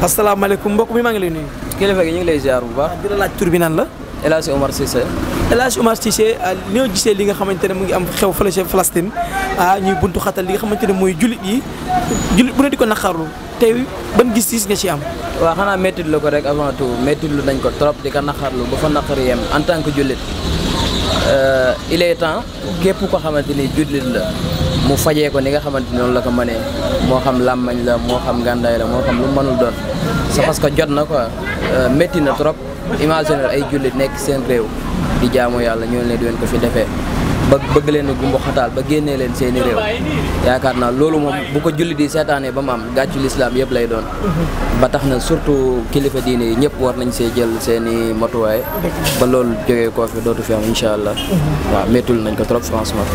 asalaamaaleykum mbokk mi maa ngi lay nuyu. kilifa gi ñu ngi lay ziar bu baax. Ah, di la laaj tur bi nan la. El Hadj Omar Cissé. El ah, li nga xamante ne mu ngi am xew fële ca Palestine ah ñuy buntu xatal li nga xamante ne mooy jullit yi jullit bu ne di ko naqarlu tey ban gis-gis nga ci am. waaw xanaa métti la ko rek avant tout métti nañ ko trop di ko naqarlu ba fa naqar yem en tant que jullit euh, il est temps képp koo xamante ni jullit la. mu fajee ko ni nga xamante noonu la ko manee moo xam làmmañ la moo xam ngàndaay la moo xam lu mënul doon c'est parce que jot na ko euh, métti na trop imaginer ay jullit nekk seen réew di jaamu yàlla ñoo leen di leen ko fi defee ba bëgg leen a gumba xataal ba génnee leen seen i réew yaakaar naa loolu moom bu ko julli di seetaanee ba mu am gàccu lislaam yëpp lay doon ba tax na surtout kilifa diine yi ñëpp war nañ see jël seen i matuwaay ba loolu jógee koo fi dootu fi am incha allah waaw méttul nañ ko trop franchement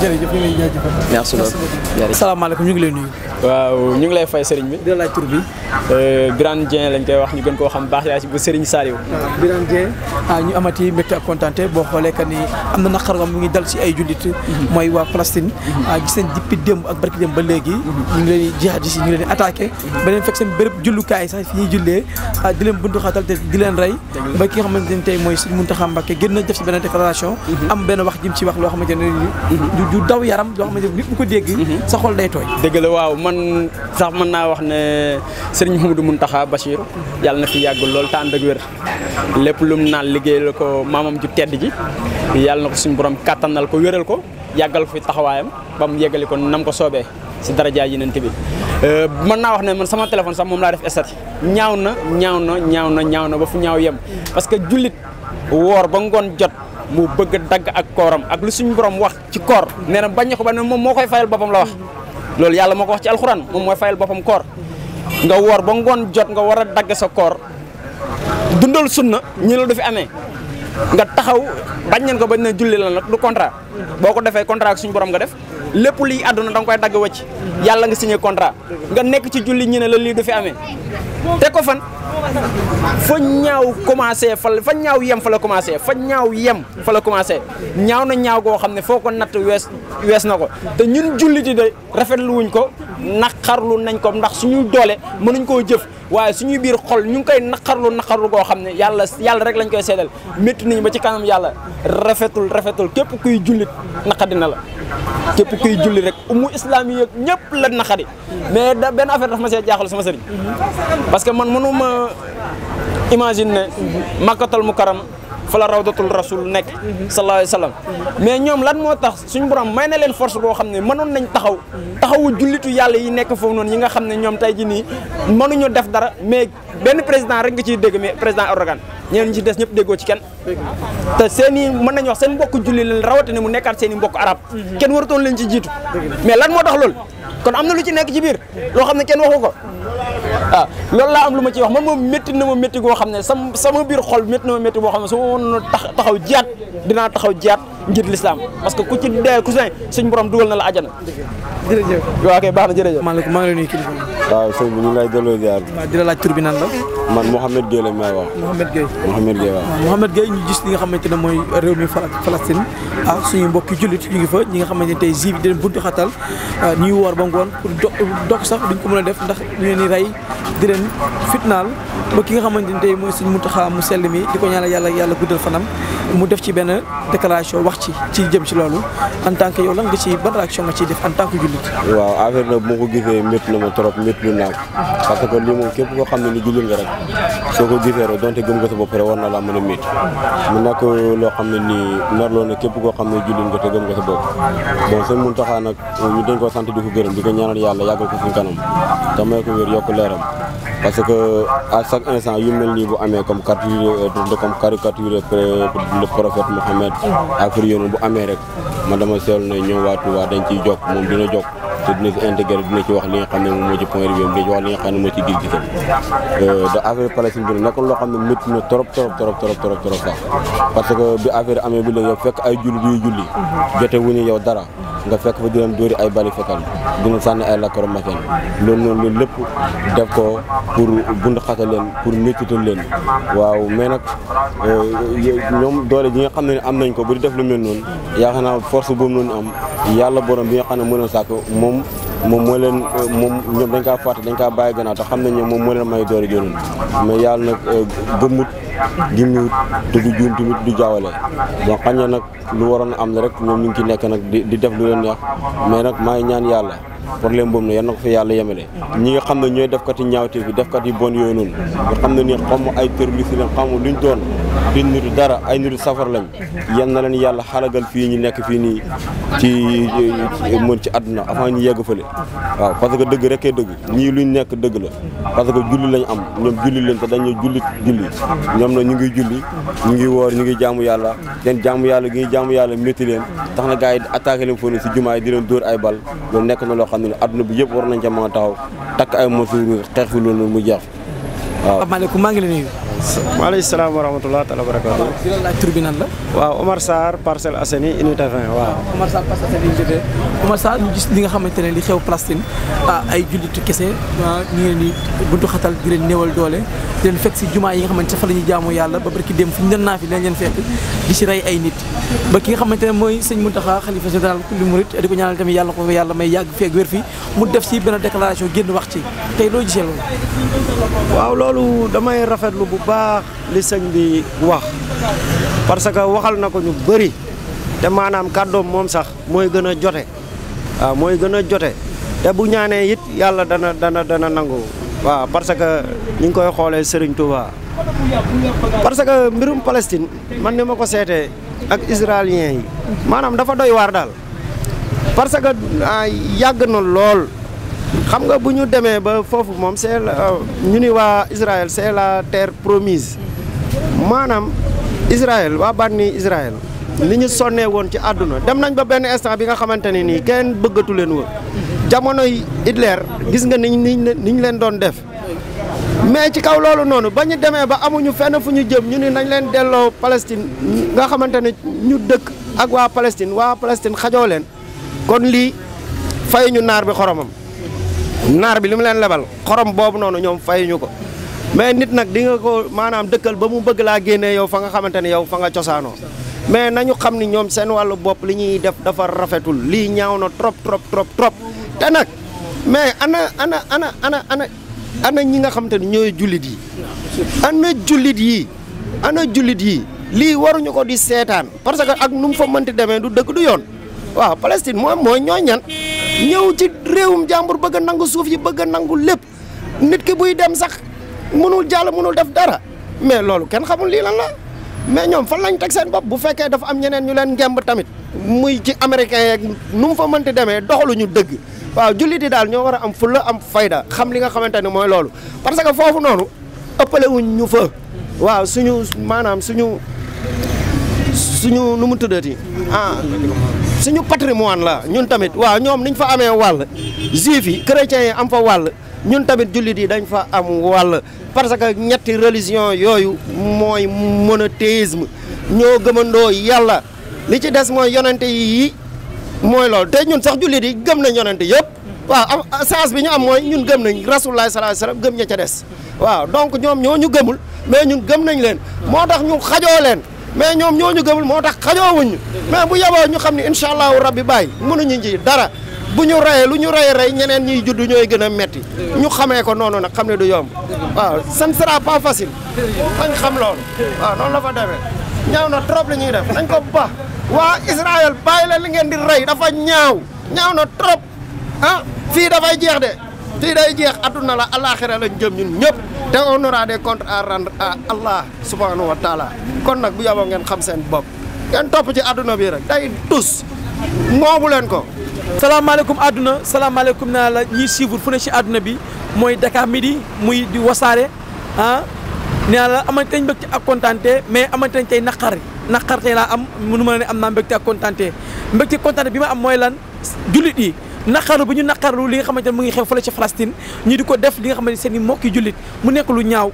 jërëjëf ñu ngi lay jaajëfal merci ñu ngi lay nuyu waaw ñu ngi lay fay sëriñ bi di laaj tur bi euh, Birane Dieng lañ koy wax ñu gën koo xam baax yaa si bu sëriñ Saliou ah, am na naqar nga mu ngi dal ci ay jullit mooy waa Palestine mhm. ah, gis nañ dippi démb ak barki démb ba léegi mhm. ñu ngi leen jihadis yi ñu ngi leen attaqué mhm. ba leen fekk seen béréb jullukaay sax fi ñuy jullee ah, di leen buntu xatal te di leen rey ba ki nga ne tey mooy Sëriñ na def ci benn déclaration am benn wax jëm ci wax loo xamante ne du daw yaram loo xamante ne nit bu ko dégg sa xol day tooy dëgg man sax mën naa wax ne Sëriñ Mouhamadou Muntaxa Bachir yàlla na fi yàgg loolu te ànd ak wér lépp lum naan liggéey la ko maamam ju tedd ji yàlla na ko suñu borom borom kàttanal ko wéral ko yàggal fi taxawaayam ba mu yeggali ko nam ko soobee si daraja yi euh, moom laa def estat ñaaw na ñaaw na ñaaw na ñaaw na ba fu ñaaw que jullit woor ba ngoon jot mu bëgg dagg ak kooram ak lu suñu borom wax ci koor na bañ ba ne moom moo koy fayal boppam la wax loolu yàlla moo ko wax ci alxuraan moom mooy fayal boppam koor nga woor ba ngoon jot nga war a dagg sa koor dundal sunna ñi la du fi amee nga taxaw bañ nañ ko bañ na julli lan la du contrat boo ko defee contrat ak suñu borom nga def lépp liy àdduna danga koy dagg wacc yàlla nga signé contrat nga nekk ci julli ñu ne la lii du fi amee te ko fan foo ñaaw commencé fa fa ñaaw yem fa la commencé fa ñaaw yem fa commencé ñaaw na ñaaw koo xam ne foo ko natt wees wees na ko te ñun julli di de rafetlu wuñ ko naqarlu nañ ko ndax suñuy doole mënuñ koo jëf waaye suñuy biir xol ñu ngi koy naqarlu naqarlu goo xam ne yàlla yàlla rek lañ koy seedal métti nañu ba ci kanam yàlla rafetul rafetul képp kuy jullit naqadi na la képp kuy julli rek umu islaam yi yëpp ñëpp la naqadi mais da benn affaire daf ma see jaaxal sama sëriñ parce man mënuma imagine ne makkatal mu karam fa la rawdatul rasul nekk sallallahu alayhi wasallam mais ñoom lan moo tax suñu borom may na leen force boo xam ne mënoon nañ taxaw taxawu jullitu yàlla yi nekk foofu noon yi nga xam ne ñoom tay ji nii mënuñu def dara mais benn président rek nga ciy dégg mais président Erdogan ñeneen ñi ci des ñëpp déggoo ci kenn te seen i mën nañu wax seen mbokk julli leen rawatina mu nekkaat seen i mbokk arab kenn waratoon leen ci jiitu mais lan moo tax loolu kon am na lu ci nekk ci biir loo xam ne kenn ko waaw ah, loolu laa am lu ma ci wax man moom métti na ma métti goo xam ne sama sama biir xol métti na ma métti boo xam ne su ma woon tax taxaw jaat dinaa taxaw jiyaat ngir lislaam parce que ku ci dee ku si suñ borom dugal na la àjjana. jërëjëf waaw kay baax na jërëjëf. maaleykum maa ngi lay nuyu kilifa waaw sëñ bi ñu ngi lay nga xamante ne mooy réew mi Palestine ah suñu mbokki jullit ñu ngi fa ñi nga xamante ne tey ji bi dinañ buntu xatal ah, ñuy woor ngoon pour dox sax duñ ko mën a def ndax ñu leen di rey di leen fitnaal ba ki nga xamante ne tey mooy suñu Muntaxa mu sell mi di ko ñaanal yàlla yàlla guddal fanam mu def ci benn déclaration wax ci ci jëm ci loolu en tant que yow lan nga ci ban réaction nga def en tant que jullit. waaw affaire nag bu ma ko gisee métti na ma trop métti lu naa parce que lii moom képp koo xam ne ni jullit nga rek soo ko gisee rek donte gëm nga sa bopp rek war na laa mën a métti mu nekk loo xam ne nii narloo ne képp koo xam ne jullit nga te gëm nga sa bopp bon sëñ nag ñu dañ koo sant di ko gërëm di ko ñaanal yàlla yàggal ko suñu kanam te may ko wér yokk leeram parce que à chaque instant yu mel nii bu amee comme caricature euh, comme caricature euh, le prophète Mohammed affaire yoonu bu amee rek man dama seetlu ne ñoom waa dañ ciy jokk moom dina jokk te dina ci intégré dina ci wax li nga xam ne moom moo ci point de vue dina ci wax li euh, bi nekkul loo xam ne métti na trop trop trop trop sax parce que bi affaire amee bi léegi fekk ay julli yuy julli jote wuñu yow dara nga fekk fa di leen dóori ay bali fetal di leen sànni ay lacrymogène loolu noonu loolu lépp def ko pour bund xata leen pour méttital leen waaw mais nag euh, ñoom doole ji nga xam ne am nañ ko bu di def lu mel noonu yaakaar naa force boobu noonu am yàlla borom bi nga xam ne mën a sàkk moom moom moo leen euh, moom ñoom dañ kaa fàtte dañ kaa bàyyi gannaaw te xam nañ ne moom moo leen may door a jëloon mais yàlla nag euh, gëmmut gim ñu te du juum tamit du jaawale donc xañ na nag lu waroon am la rek ñoom ñu ngi ci nekk nag di di def lu leen neex mais nag maa ñaan yàlla problème boobu nag yal yàlla yemale ñi nga xam ne ñooy bi defkat yi bon yooyu noonu nga xam ne nii xam yan na leen yàlla xalagal fii ñu nekk fii nii ci mën ci àdduna avant ñu yegg fële waaw parce que dëgg rekkee dëgg ñii lu ñu nekk dëgg la parce que julli lañ am ñoom julli lañ te dañu julli julli ñoom na ñu ngi julli ñu ngi woor ñu ngi jaamu yàlla seen jaamu yàlla gi ngi jaamu yàlla métti leen tax na gars yi attaqué leen foofu si jumaa di leen dóor ay bal loolu nekk na loo xam ne adduna bi yëpp war nañ ca mën taxaw takk ay mesures xeex fi loolu mu jaaf waaw. Pape Malick maa ngi lay nuyu. maaleykum salaam wa rahmatulah taala barakaatu. di la laaj tur bi nan waaw Omar Sarr li nga xamante ne li xew Palestine ah, ay jullitu kese ah ñu ngi di buntu xatal di leen néewal doole di leen fekk si jumaa yi nga xamante ne fa la ñuy jaamu yàlla ba barki dem fu ñu doon naa fi dinañ leen fekk di si rey ay nit ba ki nga xamante ne mooy sëñ Mountakha xalifa général kulli murit di ko ñaanal tamit yàlla ko yàlla may yàgg feeg wér fi mu def si benn déclaration génn wax ci tey loo gisee loolu. waaw loolu baax li sëñ bi wax parce que waxal na ko ñu bëri te maanaam kàddoom moom sax mooy gën a jote waaw mooy gën a jote te bu ñaanee it yàlla dana dana dana nangu waaw parce que ñu ngi koy xoolee Serigne Touba parce que mbirum Palestine man ni ma ko seetee ak israélien yi maanaam dafa doy waar daal parce que ah, yàgg na lool. xam nga bu ñu demee ba foofu moom c'est ñu ni waa Israël c'est la terre promise maanaam Israël waa bànni Israël li ñu sonnee woon ci àdduna dem nañ ba benn instant bi nga xamante ne nii kenn bëggatu leen woon jamonoy Hitler gis nga niñ ni ñu leen doon def mais ci kaw loolu noonu ba ñu demee ba amuñu fenn fu ñu jëm ñu ni nañ leen delloo Palestine nga xamante ne ñu dëkk ak waa Palestine waa Palestine xajoo leen kon lii fay ñu naar bi xoromam naar bi li mu leen lebal xorom boobu noonu ñoom fayuñu ko mais nit nag di nga ko maanaam dëkkal ba mu bëgg laa génnee yow fa nga xamante ne yow fa nga cosaanoo mais nañu xam ni ñoom seen wàllu bopp li ñuy def dafa rafetul lii ñaaw na trop trop trop trop te nag mais ana ana ana ana ana ana ñi nga xamante ne ñooy jullit yi ana jullit yi ana jullit yi lii waruñu ko di seetaan parce que ak nu mu fa mënti demee du dëkk du yoon waaw Palestine moom mooy ñooñan ñëw ci réewum jàmbur bëgg a nangu suuf yi bëgg a nangu lépp nit ki buy dem sax mënul jàll mënul def dara mais loolu kenn xamul lii lan la mais ñoom fan lañ teg seen bopp bu fekkee dafa am ñeneen ñu leen ngemb tamit muy ci américain yeeg nu mu fa mënti demee ñu dëgg waaw julliti daal ñoo war a am fulla am fayda xam li nga xamante ne mooy loolu parce que foofu noonu ëppale wuñ ñu fa waaw suñu maanaam suñu suñu nu mu tuddati ah suñu patrimoine la ñun tamit waaw ñoom niñ fa amee wàll juif yi chrétiens yi am fa wàll ñun tamit jullit yi dañ fa am wàll parce que ñetti religion yooyu mooy monothéisme ñoo gëmandoo yàlla li ci des mooy yonente yi mooy lool te ñun sax jullit yi gëm nañ yonente yëpp waaw am chance bi ñu am mooy ñun gëm nañ rasulullah sallallahu alayhi gëm ña ca des waaw donc ñoom ñoo ñu gëmul mais ñun gëm nañ leen moo tax ñu xajoo leen mais ñoom ñoo ñu gëmul moo tax xajoowuñu mais bu yeboo ñu xam ne incha allahu rabbi bàyyi mënuñu ji dara bu ñu reyee lu ñu rey rey ñeneen ñiy juddu ñooy gën a metti ñu xamee ko noonu nag xam ne du yomb waaw ça ne sera xam loolu waaw noonu la fa demee ñaaw na trop li ñuy def nañ ko ba waa Israël bàyyi la li ngeen di rey dafa ñaaw ñaaw na trop ah fii dafay jeex de fii day jeex adduna la alaxira lañ jëm ñun ñëpp te on aura des comptes à rendre à Allah subhanahu kon nag bu yaboo ngeen xam seen bopp ngeen topp ci àdduna bi rek day tus moomu leen ko. salaamaaleykum àdduna salaamaaleykum naa la ñiy suivre fu ne ci àdduna bi mooy Dakar Midi muy di wasaare ah nee la amante nañ mbégte ak kontaante mais amante nañ tey naqar naqar tey laa am mënu ma ne am naa mbégte ak kontaante mbégte kontaante bi ma am mooy lan jullit yi. naqaru bi ñu naqaru li nga xamante ne mu ngi xew fële ci Palestine ñu di ko def li nga xamante ne seen i mbokki jullit mu nekk lu ñaaw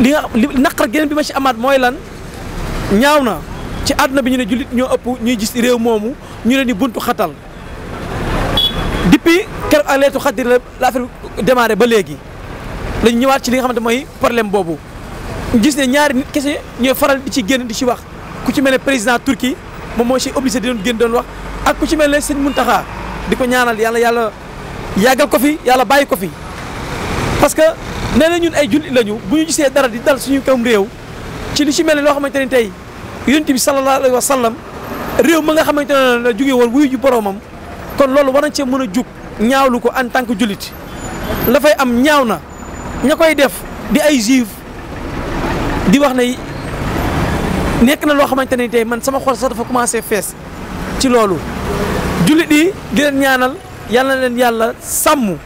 li nga naqar geneen bi ma ci amaat mooy lan ñaaw na ci àdduna bi ñu ne jullit ñoo ëpp ñuy gis réew moomu ñu leen di buntu xatal depuis keroog ak leetu xaddir la l'affaire démarré ba léegi lañ ñëwaat ci li nga xam ne mooy problème boobu gis ne ñaari nit kese ñooy faral di ci génn di ci wax ku ci mel ne président turki moom moo ci obligé di doon génn doon wax ak ku ci mel ne sëñ Muntaxa di ko ñaanal yàlla yàlla yàggal ko fi yàlla bàyyi ko fi parce que nee na ñun ay jullit lañu bu ñu gisee dara di dal suñu kawam réew ci lu ci mel ne loo xamante ne tey yonent bi sallallahu alayhi wa sallam réew ma nga xamante ne la jóge woon wuyu ju boroomam kon loolu war nañ cee mën a jug ñaawlu ko en tant que jullit la am ñaaw na ña koy def di ay juif di wax ne nekk na loo xamante ne tey man sama xol sax dafa commencé fees ci loolu jullit yi di leen ñaanal yal na leen yàlla sàmm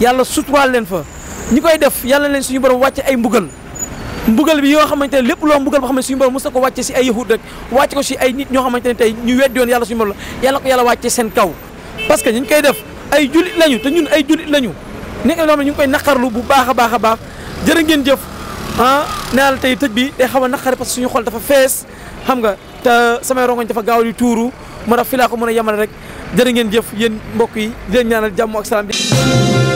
yàlla suturaal leen fa ñi koy def yal na leen suñu borom wàcce ay mbugal mbugal bi yoo xamante ne lépp loo mbugal boo xam ne suñu borom mos na ko wàcce si ay yahud rek wàcce ko si ay nit ñoo xamante ne tey ñu weddi yoon yàlla suñu borom la yàlla ko yàlla wàcce seen parce que ñu koy def ay jullit lañu te ñun ay jullit lañu nekk loo xam ne ñu ngi koy naqarlu bu baax a baax a baax jërë ngeen jëf ah naa la tey tëj bi xaw a naqari parce que suñu xool dafa fees xam nga te samay rongoñ dafa gaaw di tuuru moo tax fi laa ko mën a rek jërë ngeen jëf yéen mbokk yi di ñaanal jàmm ak salaam.